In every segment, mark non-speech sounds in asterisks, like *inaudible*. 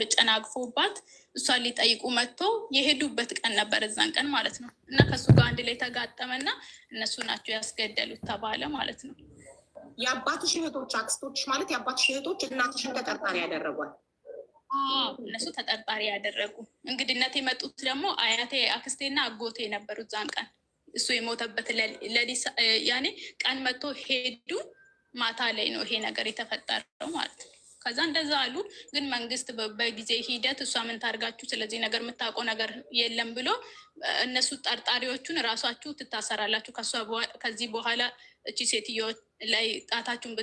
ተጨናግፎባት እሷን ሊጠይቁ መጥቶ የሄዱበት ቀን ነበር፣ እዛን ቀን ማለት ነው። እና ከእሱ ጋር አንድ ላይ ተጋጠመና እነሱ ናቸው ያስገደሉት ተባለ ማለት ነው። የአባትሽ እህቶች አክስቶች ማለት የአባትሽ እህቶች እናትሽን ተጠርጣሪ ያደረጓል። እነሱ ተጠርጣሪ ያደረጉ እንግድነት የመጡት ደግሞ አያቴ አክስቴና አጎቴ ነበሩ። እዛን ቀን እሱ የሞተበት ለሊሳ ያኔ ቀን መጥቶ ሄዱ። ማታ ላይ ነው ይሄ ነገር የተፈጠረው ማለት ነው። ከዛ እንደዛ አሉ። ግን መንግስት በጊዜ ሂደት እሷ ምን ታርጋችሁ ስለዚህ ነገር የምታውቀው ነገር የለም ብሎ እነሱ ጠርጣሪዎቹን እራሷችሁ ትታሰራላችሁ፣ ከዚህ በኋላ እቺ ሴትዮ ላይ ጣታችሁን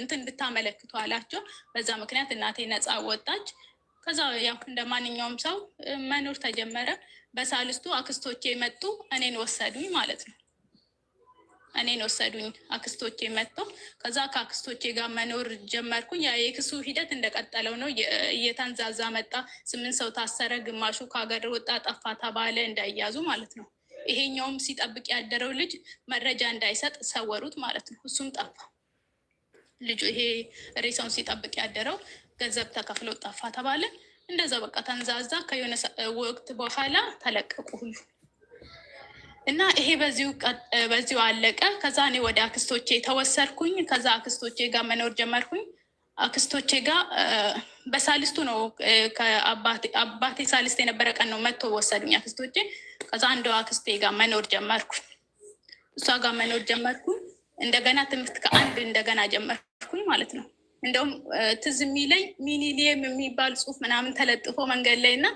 እንትን ብታመለክቱ አላቸው። በዛ ምክንያት እናቴ ነፃ ወጣች። ከዛ ያው እንደ ማንኛውም ሰው መኖር ተጀመረ። በሳልስቱ አክስቶቼ መጡ፣ እኔን ወሰዱኝ ማለት ነው። እኔን ወሰዱኝ አክስቶቼ መጥተው። ከዛ ከአክስቶቼ ጋር መኖር ጀመርኩኝ። የክሱ ሂደት እንደቀጠለው ነው፣ እየተንዛዛ መጣ። ስምንት ሰው ታሰረ፣ ግማሹ ከሀገር ወጣ፣ ጠፋ ተባለ፣ እንዳይያዙ ማለት ነው። ይሄኛውም ሲጠብቅ ያደረው ልጅ መረጃ እንዳይሰጥ ሰወሩት ማለት ነው። እሱም ጠፋ። ልጁ ይሄ ሬሳውን ሲጠብቅ ያደረው ገንዘብ ተከፍሎ ጠፋ ተባለ። እንደዛ በቃ ተንዛዛ። ከየሆነ ወቅት በኋላ ተለቀቁ ሁሉ እና ይሄ በዚሁ አለቀ። ከዛ እኔ ወደ አክስቶቼ ተወሰርኩኝ። ከዛ አክስቶቼ ጋር መኖር ጀመርኩኝ። አክስቶቼ ጋር በሳልስቱ ነው አባቴ ሳልስት የነበረ ቀን ነው መጥቶ ወሰዱኝ አክስቶቼ። ከዛ አንዱ አክስቴ ጋር መኖር ጀመርኩኝ። እሷ ጋር መኖር ጀመርኩኝ። እንደገና ትምህርት ከአንድ እንደገና ጀመርኩኝ ማለት ነው። እንደውም ትዝ የሚለኝ ሚኒሊየም የሚባል ጽሁፍ ምናምን ተለጥፎ መንገድ ላይ እና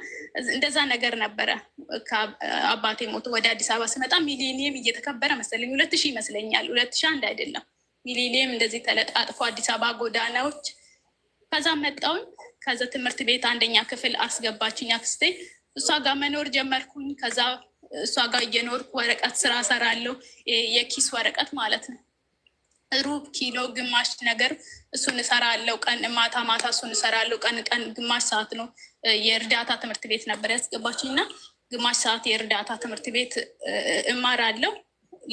እንደዛ ነገር ነበረ። አባቴ ሞቶ ወደ አዲስ አበባ ስመጣ ሚሊኒየም እየተከበረ መሰለኝ ሁለት ሺህ ይመስለኛል ሁለት ሺህ አንድ አይደለም ሚሊኒየም እንደዚህ ተለጣጥፎ አዲስ አበባ ጎዳናዎች። ከዛ መጣውኝ። ከዛ ትምህርት ቤት አንደኛ ክፍል አስገባችኝ አክስቴ። እሷ ጋር መኖር ጀመርኩኝ። ከዛ እሷ ጋር እየኖርኩ ወረቀት ስራ ሰራለሁ፣ የኪስ ወረቀት ማለት ነው ሩብ ኪሎ ግማሽ ነገር እሱን እሰራለሁ። ቀን ማታ ማታ እሱን እሰራለሁ። ቀን ቀን ግማሽ ሰዓት ነው የእርዳታ ትምህርት ቤት ነበር ያስገባችኝ እና ግማሽ ሰዓት የእርዳታ ትምህርት ቤት እማራለሁ።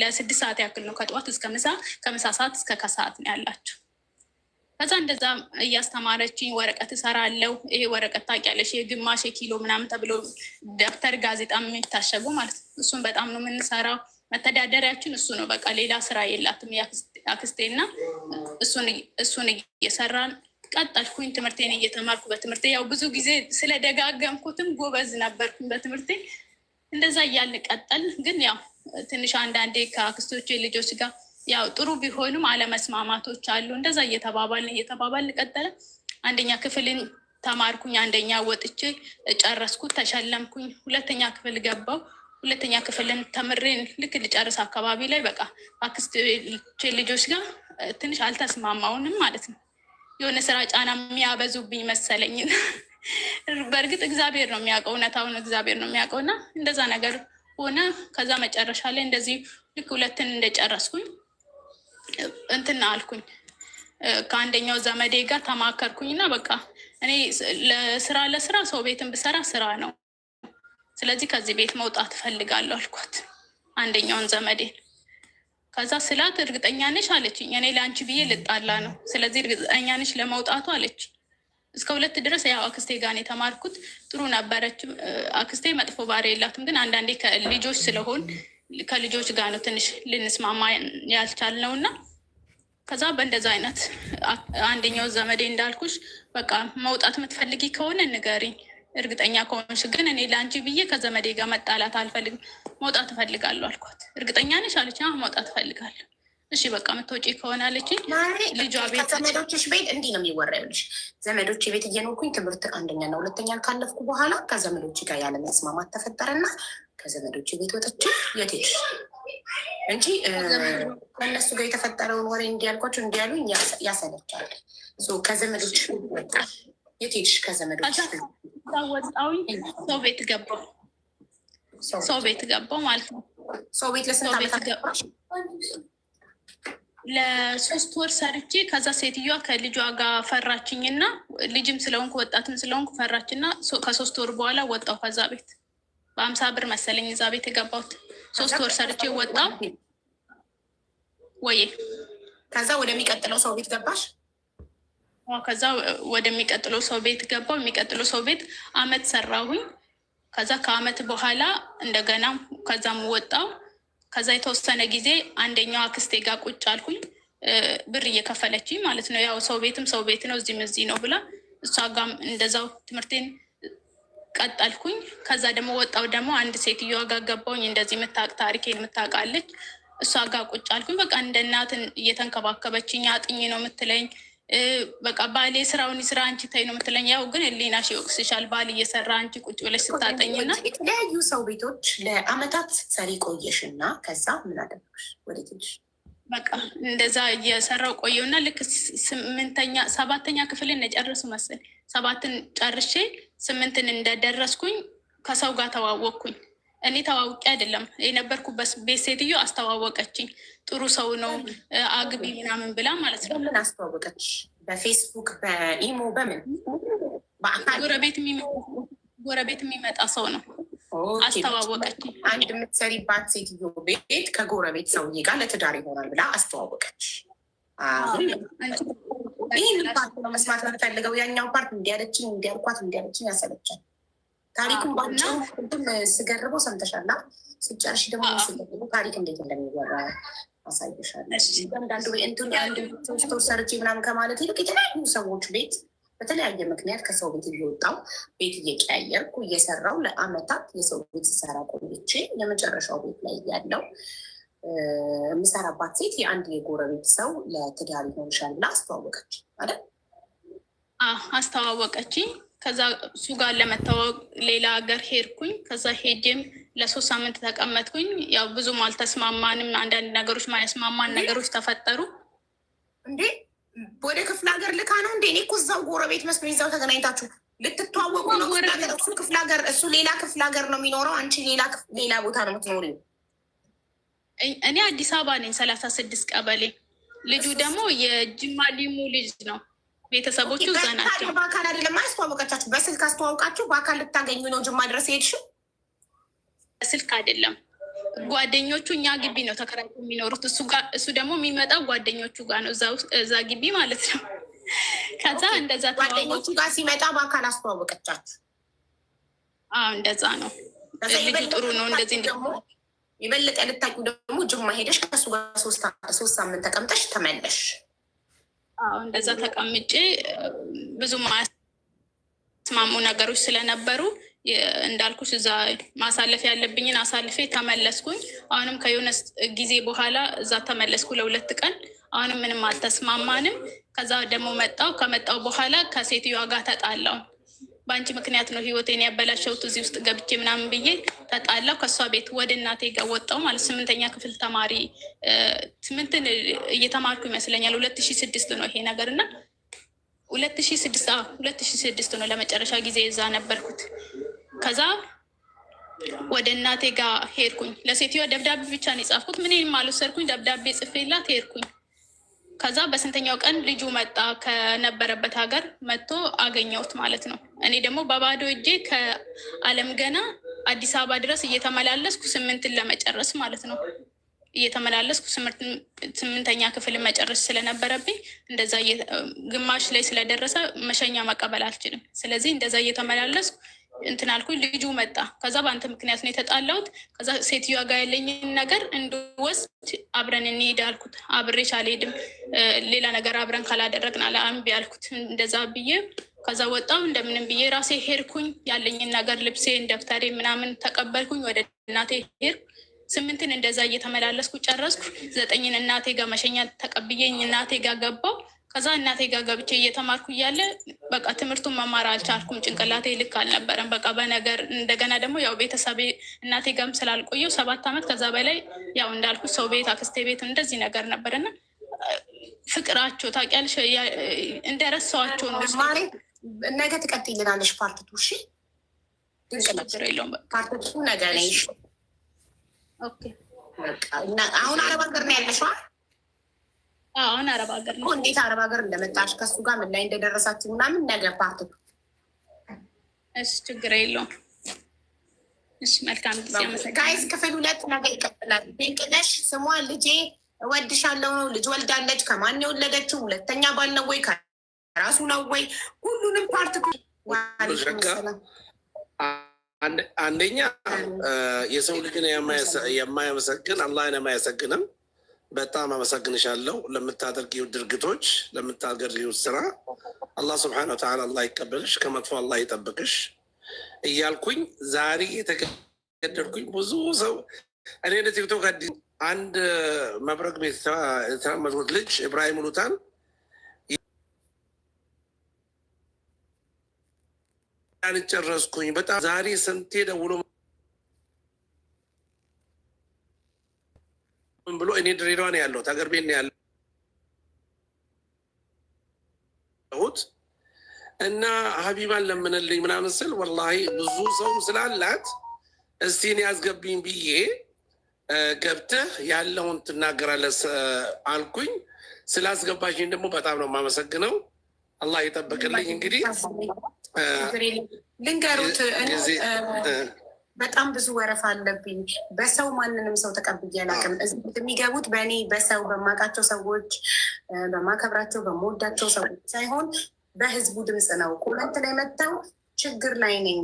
ለስድስት ሰዓት ያክል ነው ከጠዋት እስከ ምሳ፣ ከምሳ ሰዓት እስከ ከሰዓት ነው ያላቸው። ከዛ እንደዛ እያስተማረችኝ ወረቀት እሰራለሁ። ይሄ ወረቀት ታውቂያለሽ፣ የግማሽ የኪሎ ምናምን ተብሎ ደብተር፣ ጋዜጣ የሚታሸጉ ማለት ነው። እሱን በጣም ነው የምንሰራው። መተዳደሪያችን እሱ ነው። በቃ ሌላ ስራ የላትም። ያክስቴ አክስቴና እሱን እየሰራን ቀጠልኩኝ። ትምህርቴን እየተማርኩ በትምህርቴ ያው ብዙ ጊዜ ስለደጋገምኩትም ጎበዝ ነበርኩኝ በትምህርቴ። እንደዛ እያልን ቀጠል። ግን ያው ትንሽ አንዳንዴ ከአክስቶቼ ልጆች ጋር ያው ጥሩ ቢሆኑም አለመስማማቶች አሉ። እንደዛ እየተባባልን እየተባባልን ቀጠለ። አንደኛ ክፍልን ተማርኩኝ። አንደኛ ወጥቼ ጨረስኩ፣ ተሸለምኩኝ። ሁለተኛ ክፍል ገባው ሁለተኛ ክፍልን ተምሬን ልክ ልጨርስ አካባቢ ላይ በቃ አክስቼ ልጆች ጋር ትንሽ አልተስማማውንም ማለት ነው። የሆነ ስራ ጫና የሚያበዙብኝ መሰለኝ። *laughs* በእርግጥ እግዚአብሔር ነው የሚያውቀው፣ እውነታውን እግዚአብሔር ነው የሚያውቀው። እና እንደዛ ነገር ሆነ። ከዛ መጨረሻ ላይ እንደዚህ ልክ ሁለትን እንደጨረስኩኝ እንትን አልኩኝ ከአንደኛው ዘመዴ ጋር ተማከርኩኝ እና በቃ እኔ ለስራ ለስራ ሰው ቤትን ብሰራ ስራ ነው ስለዚህ ከዚህ ቤት መውጣት እፈልጋለሁ አልኳት፣ አንደኛውን ዘመዴን። ከዛ ስላት እርግጠኛ ነሽ አለችኝ። እኔ ለአንቺ ብዬ ልጣላ ነው፣ ስለዚህ እርግጠኛ ነሽ ለመውጣቱ አለች። እስከ ሁለት ድረስ ያው አክስቴ ጋር የተማርኩት። ጥሩ ነበረች አክስቴ፣ መጥፎ ባህሪ የላትም። ግን አንዳንዴ ከልጆች ስለሆን ከልጆች ጋር ነው ትንሽ ልንስማማ ነው እና ከዛ በእንደዛ አይነት አንደኛው ዘመዴ እንዳልኩሽ በቃ መውጣት የምትፈልጊ ከሆነ ንገሪኝ እርግጠኛ ከሆንሽ ግን እኔ ለአንቺ ብዬ ከዘመዴ ጋር መጣላት አልፈልግም፣ መውጣት እፈልጋለሁ አልኳት። እርግጠኛ ነሽ አለች። መውጣት እፈልጋለሁ። እሺ በቃ ምትወጪ ከሆነ አለችኝ። ልጇ ቤት ዘመዶችሽ ቤት እንዲህ ነው የሚወራ። ይኸውልሽ ዘመዶች ቤት እየኖርኩኝ ትምህርት አንደኛ እና ሁለተኛን ካለፍኩ በኋላ ከዘመዶች ጋር ያለ መስማማት ተፈጠረና ከዘመዶች ቤት ወጥቼ የት እንጂ ከእነሱ ጋር የተፈጠረውን ወሬ እንዲያልኳቸው እንዲያሉኝ ያሰለቻል። ከዘመዶች ወጣ የት ሄድሽ? ከዘመዶች ሰው ቤት ገባው ሰው ቤት ገባው ማለት ነው። ሰው ቤት ለስንት ዓመት ለሶስት ወር ሰርቼ ከዛ ሴትዮዋ ከልጇ ጋር ፈራችኝ እና ልጅም ስለሆንኩ ወጣትም ስለሆንኩ ፈራች እና ከሶስት ወር በኋላ ወጣው ከዛ ቤት በአምሳ ብር መሰለኝ እዛ ቤት የገባሁት። ሶስት ወር ሰርቼ ወጣው ወይ ከዛ ወደሚቀጥለው ሰው ቤት ገባሽ? ከዛ ወደሚቀጥለው ሰው ቤት ገባው። የሚቀጥለው ሰው ቤት አመት ሰራሁኝ። ከዛ ከአመት በኋላ እንደገና ከዛም ወጣው። ከዛ የተወሰነ ጊዜ አንደኛው አክስቴ ጋር ቁጭ አልኩኝ። ብር እየከፈለችኝ ማለት ነው። ያው ሰው ቤትም ሰው ቤት ነው፣ እዚህም እዚህ ነው ብላ እሷ ጋም እንደዛው ትምህርቴን ቀጠልኩኝ። ከዛ ደግሞ ወጣው ደግሞ አንድ ሴትዮዋ ጋር ገባውኝ፣ እንደዚህ የምታውቅ ታሪኬን የምታውቃለች። እሷ ጋር ቁጭ አልኩኝ። በቃ እንደ እየተንከባከበችኝ አጥኝ ነው የምትለኝ በቃ ባሌ ስራውን ስራ አንቺ ታይ ነው የምትለኝ። ያው ግን ሌና ይወቅስሻል። ባል እየሰራ አንቺ ቁጭ ብለሽ ስታጠኝና የተለያዩ ሰው ቤቶች ለአመታት ሰሪ ቆየሽ እና ከዛ ምን አደረግሽ? ወደ በቃ እንደዛ እየሰራው ቆየው ቆየውና ልክ ስምንተኛ ሰባተኛ ክፍልን የጨርሱ መስል ሰባትን ጨርሼ ስምንትን እንደደረስኩኝ ከሰው ጋር ተዋወቅኩኝ። እኔ ተዋውቂ አይደለም የነበርኩበት ቤት ሴትዮ አስተዋወቀችኝ። ጥሩ ሰው ነው አግቢ ምናምን ብላ ማለት ነው። ምን አስተዋወቀች? በፌስቡክ በኢሞ በምን ጎረቤት የሚመጣ ሰው ነው አስተዋወቀችኝ። አንድ የምትሰሪባት ሴትዮ ቤት ከጎረቤት ሰውዬ ጋር ለትዳር ይሆናል ብላ አስተዋወቀች። ይህ ፓርት ነው መስማት የምፈልገው። ያኛው ፓርት እንዲያለችን እንዲያልኳት እንዲያለችን ያሰለቻል ታሪኩን ባና ቅድም ስገርበው ሰምተሻልና ስጨርሽ ደግሞ ስገርበው ታሪክ እንዴት እንደሚወራ አሳይሻለሁ። አንዳንዱ ስቶር ሰርቼ ምናምን ከማለት ይልቅ የተለያዩ ሰዎች ቤት በተለያየ ምክንያት ከሰው ቤት እየወጣው ቤት እየቀያየርኩ እየሰራው ለአመታት የሰው ቤት ሲሰራ ቆይቼ የመጨረሻው ቤት ላይ ያለው የምሰራባት ሴት የአንድ የጎረቤት ሰው ለትዳር ይሆንሻል ብላ አስተዋወቀች። አለ አስተዋወቀችኝ። ከዛ እሱ ጋር ለመታወቅ ሌላ ሀገር ሄድኩኝ። ከዛ ሄጄም ለሶስት ሳምንት ተቀመጥኩኝ። ያው ብዙም አልተስማማንም። አንዳንድ ነገሮች ማያስማማን ነገሮች ተፈጠሩ። እንዴ ወደ ክፍለ ሀገር ልካ ነው እንዴ? እኔ እኮ እዛው ጎረቤት መስሎኝ እዛው ተገናኝታችሁ ልትተዋወቁ ነው። እሱ ክፍለ ሀገር እሱ ሌላ ክፍለ ሀገር ነው የሚኖረው፣ አንቺ ሌላ ቦታ ነው የምትኖሪው። እኔ አዲስ አበባ ነኝ፣ ሰላሳ ስድስት ቀበሌ። ልጁ ደግሞ የጅማ ሊሙ ልጅ ነው። ቤተሰቦቹ እዛ ናቸው። በአካል አይደለም አያስተዋወቃቻችሁ፣ በስልክ አስተዋውቃችሁ በአካል ልታገኙ ነው ጅማ ድረስ ሄድሽው? በስልክ አይደለም ጓደኞቹ እኛ ግቢ ነው ተከራይቶ የሚኖሩት። እሱ ጋር እሱ ደግሞ የሚመጣው ጓደኞቹ ጋር ነው እዛ ግቢ ማለት ነው። ከዛ እንደዛ ጓደኞቹ ጋር ሲመጣ በአካል አስተዋወቀቻት። አዎ እንደዛ ነው። ልጁ ጥሩ ነው እንደዚህ ደግሞ የበለጠ ልታውቂው ደግሞ ጅማ ሄደሽ ከሱ ጋር ሶስት ሳምንት ተቀምጠሽ ተመለሽ። እዛ ተቀምጬ ብዙ ማስማሙ ነገሮች ስለነበሩ እንዳልኩሽ እዛ ማሳለፍ ያለብኝን አሳልፌ ተመለስኩኝ። አሁንም ከየሆነ ጊዜ በኋላ እዛ ተመለስኩ ለሁለት ቀን። አሁንም ምንም አልተስማማንም። ከዛ ደግሞ መጣው። ከመጣው በኋላ ከሴትዮዋ ጋር ተጣላው። በአንቺ ምክንያት ነው ህይወቴን ያበላሸሁት እዚህ ውስጥ ገብቼ ምናምን ብዬ ተጣላው። ከእሷ ቤት ወደ እናቴ ጋር ወጣው ማለት ስምንተኛ ክፍል ተማሪ ስምንትን እየተማርኩ ይመስለኛል። ሁለት ሺ ስድስት ነው ይሄ ነገር እና ሁለት ሺ ስድስት ሁለት ሺ ስድስት ነው ለመጨረሻ ጊዜ እዛ ነበርኩት። ከዛ ወደ እናቴ ጋር ሄድኩኝ። ለሴትዮዋ ደብዳቤ ብቻ ነው የጻፍኩት። ምን አልወሰድኩኝ። ደብዳቤ ጽፌላት ሄድኩኝ። ከዛ በስንተኛው ቀን ልጁ መጣ ከነበረበት ሀገር መጥቶ አገኘሁት ማለት ነው። እኔ ደግሞ በባዶ እጄ ከአለም ገና አዲስ አበባ ድረስ እየተመላለስኩ ስምንትን ለመጨረስ ማለት ነው እየተመላለስኩ ስምንተኛ ክፍል መጨረስ ስለነበረብኝ እንደዛ ግማሽ ላይ ስለደረሰ መሸኛ መቀበል አልችልም። ስለዚህ እንደዛ እየተመላለስኩ እንትን አልኩኝ። ልጁ መጣ። ከዛ በአንተ ምክንያት ነው የተጣላሁት። ከዛ ሴትዮዋ ጋር ያለኝን ነገር እንድወስድ አብረን እንሄድ አልኩት። አብሬሽ አልሄድም፣ ሌላ ነገር አብረን ካላደረግን አልአምቢ አልኩት። እንደዛ ብዬ ከዛ ወጣው እንደምንም ብዬ ራሴ ሄድኩኝ። ያለኝን ነገር ልብሴን፣ ደብተሬ ምናምን ተቀበልኩኝ። ወደ እናቴ ሄድኩ። ስምንትን እንደዛ እየተመላለስኩ ጨረስኩ። ዘጠኝን እናቴ ጋር መሸኛ ተቀብዬኝ እናቴ ጋር ገባው። ከዛ እናቴ ጋር ገብቼ እየተማርኩ እያለ በቃ ትምህርቱን መማር አልቻልኩም። ጭንቅላቴ ልክ አልነበረም። በቃ በነገር እንደገና ደግሞ ያው ቤተሰብ እናቴ ጋርም ስላልቆየው ሰባት ዓመት ከዛ በላይ ያው እንዳልኩ ሰው ቤት፣ አክስቴ ቤት እንደዚህ ነገር ነበርና ፍቅራቸው ታውቂያለሽ፣ እንደረሳኋቸው ነው። ነገ ትቀጥይልናለሽ። ፓርትቱ እሺ፣ ችግር የለውም። ፓርትቱ ነገ ነሽ። አሁን አረብ ሀገር ነው ያለሽዋ አሁን አረብ ሀገር ነው። እንዴት አረብ ሀገር እንደመጣሽ ከሱ ጋር ምን ላይ እንደደረሳችሁ ምናምን ነገር ፓርት እሺ፣ ችግር የለውም። እሺ፣ መልካም ጊዜ። ጋይዝ ክፍል ሁለት ነገ ይቀጥላል። ድንቅነሽ ስሟ ልጄ እወድሻለሁ ነው። ልጅ ወልዳለች። ከማን የወለደችው? ሁለተኛ ባል ነው ወይ ከራሱ ነው ወይ? ሁሉንም ፓርት አንደኛ የሰው ልጅን የማያመሰግን አላህን የማያሰግንም በጣም አመሰግንሻለሁ ለምታደርጊው ድርጊቶች ለምታደርጊው ስራ አላህ ስብሐነ ወተዓላ አላህ ይቀበልሽ፣ ከመጥፎ አላህ ይጠብቅሽ እያልኩኝ ዛሬ የተገደድኩኝ ብዙ ሰው እኔ ለቲክቶክ አዲስ አንድ መብረቅ ቤት የተመድኩት ልጅ ኢብራሂም ሉታን ጨረስኩኝ። በጣም ዛሬ ስንቴ ደውሎ ብሎ እኔ ድሬዳዋ ነው ያለሁት፣ ሀገር ቤት ነው ያለሁት እና ሀቢባን ለምንልኝ ምናምን ስል ወላሂ ብዙ ሰውም ስላላት እስቲ እኔ ያስገብኝ ብዬ ገብተህ ያለውን ትናገራለህ አልኩኝ። ስላስገባሽኝ ደግሞ በጣም ነው የማመሰግነው። አላህ ይጠብቅልኝ። እንግዲህ ልንገሩት በጣም ብዙ ወረፋ አለብኝ። በሰው ማንንም ሰው ተቀብዬ አላውቅም። የሚገቡት በእኔ በሰው በማውቃቸው ሰዎች በማከብራቸው በመወዳቸው ሰዎች ሳይሆን በህዝቡ ድምፅ ነው። ኮመንት ላይ መጥተው ችግር ላይ ነኝ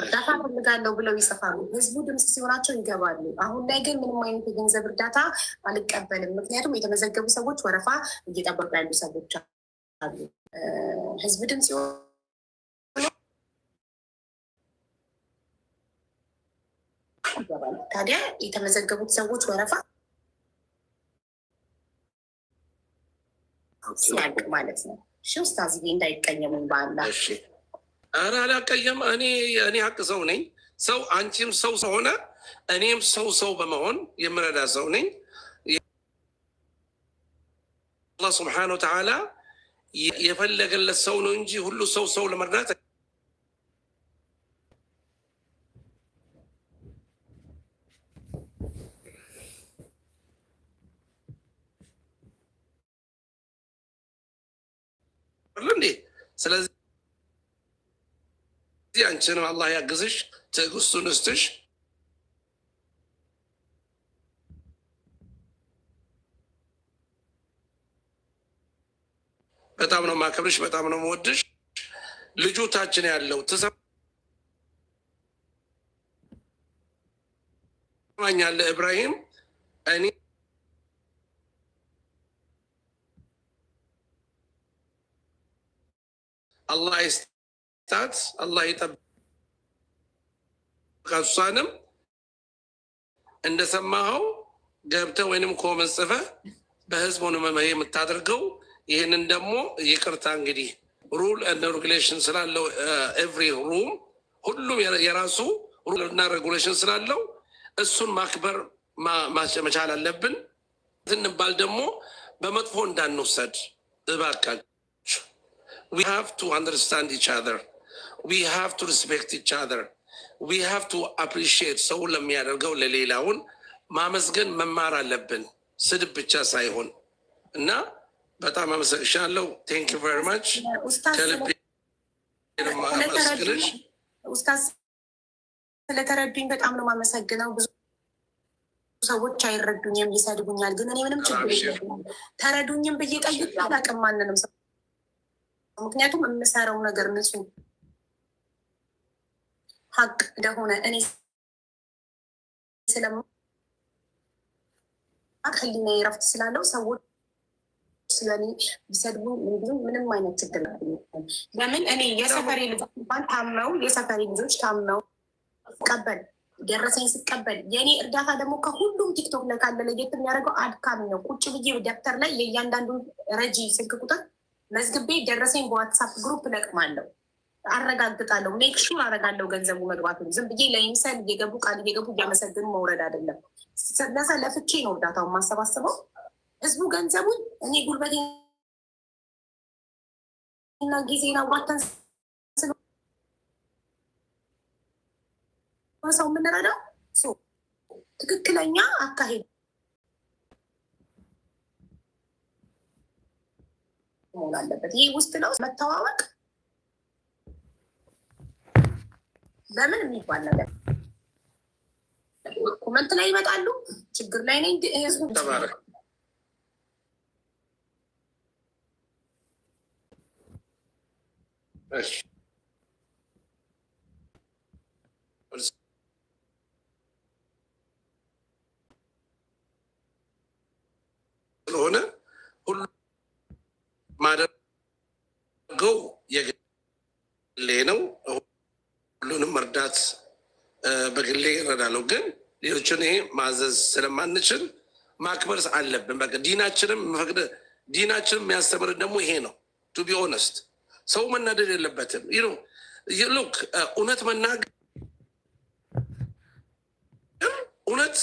እርዳታ ፈልጋለሁ ብለው ይጽፋሉ። ህዝቡ ድምፅ ሲሆናቸው ይገባሉ። አሁን ላይ ግን ምንም አይነት የገንዘብ እርዳታ አልቀበልም። ምክንያቱም የተመዘገቡ ሰዎች ወረፋ እየጠበቁ ያሉ ሰዎች አሉ። ህዝብ ድምፅ ይገባል። ታዲያ የተመዘገቡት ሰዎች ወረፋ ሲያልቅ ማለት ነው። እሺ ኡስታዝ እንዳይቀየሙን በአላ ኧረ አላቀየም። እኔ እኔ ሀቅ ሰው ነኝ። ሰው አንቺም ሰው ሆነ እኔም ሰው ሰው በመሆን የምረዳ ሰው ነኝ። አላህ ስብሓነሁ ወተዓላ የፈለገለት ሰው ነው እንጂ ሁሉ ሰው ሰው ለመርዳት እንዴ? ስለዚህ አንቺንም አላህ ያግዝሽ፣ ትዕግስቱን እስትሽ በጣም ነው ማከብርሽ፣ በጣም ነው መወድሽ። ልጁ ታችን ያለው ትሰማኛለህ? እብራሂም እኔ አላህ ይስጣት፣ አላህ ይጠብቃት። እሷንም እንደሰማኸው ገብተህ ወይንም ኮመን ጽፈህ በህዝብ ሆነ የምታደርገው ይህንን ደግሞ ይቅርታ እንግዲህ ሩል እና ሬጉሌሽን ስላለው ኤቭሪ ሩም ሁሉም የራሱ ሩል እና ሬጉሌሽን ስላለው እሱን ማክበር መቻል አለብን። እንባል ደግሞ በመጥፎ እንዳንወሰድ እባካል we have to አንደርስታንድ ኢች አዘር ዊ ሃቭ ቱ ሪስፔክት ኢች አዘር we have to አፕሪሺየት ሰው ለሚያደርገው ለሌላውን ማመስገን መማር አለብን፣ ስድብ ብቻ ሳይሆን እና በጣም አመሰግሻለሁ። ቴንክ ዩ ቨሪ ማች ከልቤ ስለተረዱኝ በጣም ነው የማመሰግነው። ብዙ ሰዎች አይረዱኝም፣ ይሰድቡኛል። ግን እኔ ምንም ችግር ተረዱኝም ብዬ ጠይቄ አላውቅም ማንንም ሰው ምክንያቱም የምሰራው ነገር ንጹህ ሀቅ እንደሆነ እኔ ስለማ ህሊና ረፍት ስላለው ሰዎች ስለኔ ቢሰድቡ እንዲሁም ምንም አይነት ችግር ለምን እኔ የሰፈሪ ልጆች እንኳን ታምነው የሰፈሬ ልጆች ታምነው ቀበል ደረሰኝ ስቀበል የእኔ እርዳታ ደግሞ ከሁሉም ቲክቶክ ላይ ካለ ለየት የሚያደርገው አድካሚ ነው። ቁጭ ብዬ ደብተር ላይ የእያንዳንዱ ረጂ ስልክ ቁጥር መዝግቤ ደረሰኝ በዋትሳፕ ግሩፕ ለቅማለሁ፣ አረጋግጣለሁ፣ ሜክሹር አረጋለሁ ገንዘቡ መግባት ነው። ዝም ብዬ ለይምሰል እየገቡ ቃል እየገቡ እያመሰግኑ መውረድ አይደለም። ለዛ ለፍቼ ነው እርዳታውን ማሰባስበው። ህዝቡ ገንዘቡን እኔ ጉልበቴ ጊዜ ጊዜና ዋተን ሰው የምንረዳው ትክክለኛ አካሄድ መሆን አለበት። ይህ ውስጥ ነው መተዋወቅ ለምን የሚባል ነገር ኮመንት ላይ ይመጣሉ። ችግር ላይ ነኝ ህዝቡ ስለሆነ ሁሉ ማደርገው የግሌ ነው። ሁሉንም መርዳት በግሌ ይረዳለሁ፣ ግን ሌሎችን ይሄ ማዘዝ ስለማንችል ማክበር አለብን። በቃ ዲናችንም ፈቅደ ዲናችንም የሚያስተምርን ደግሞ ይሄ ነው። ቱ ቢ ኦነስት ሰው መናደድ የለበትም። ይ ሉክ እውነት መናገር እውነት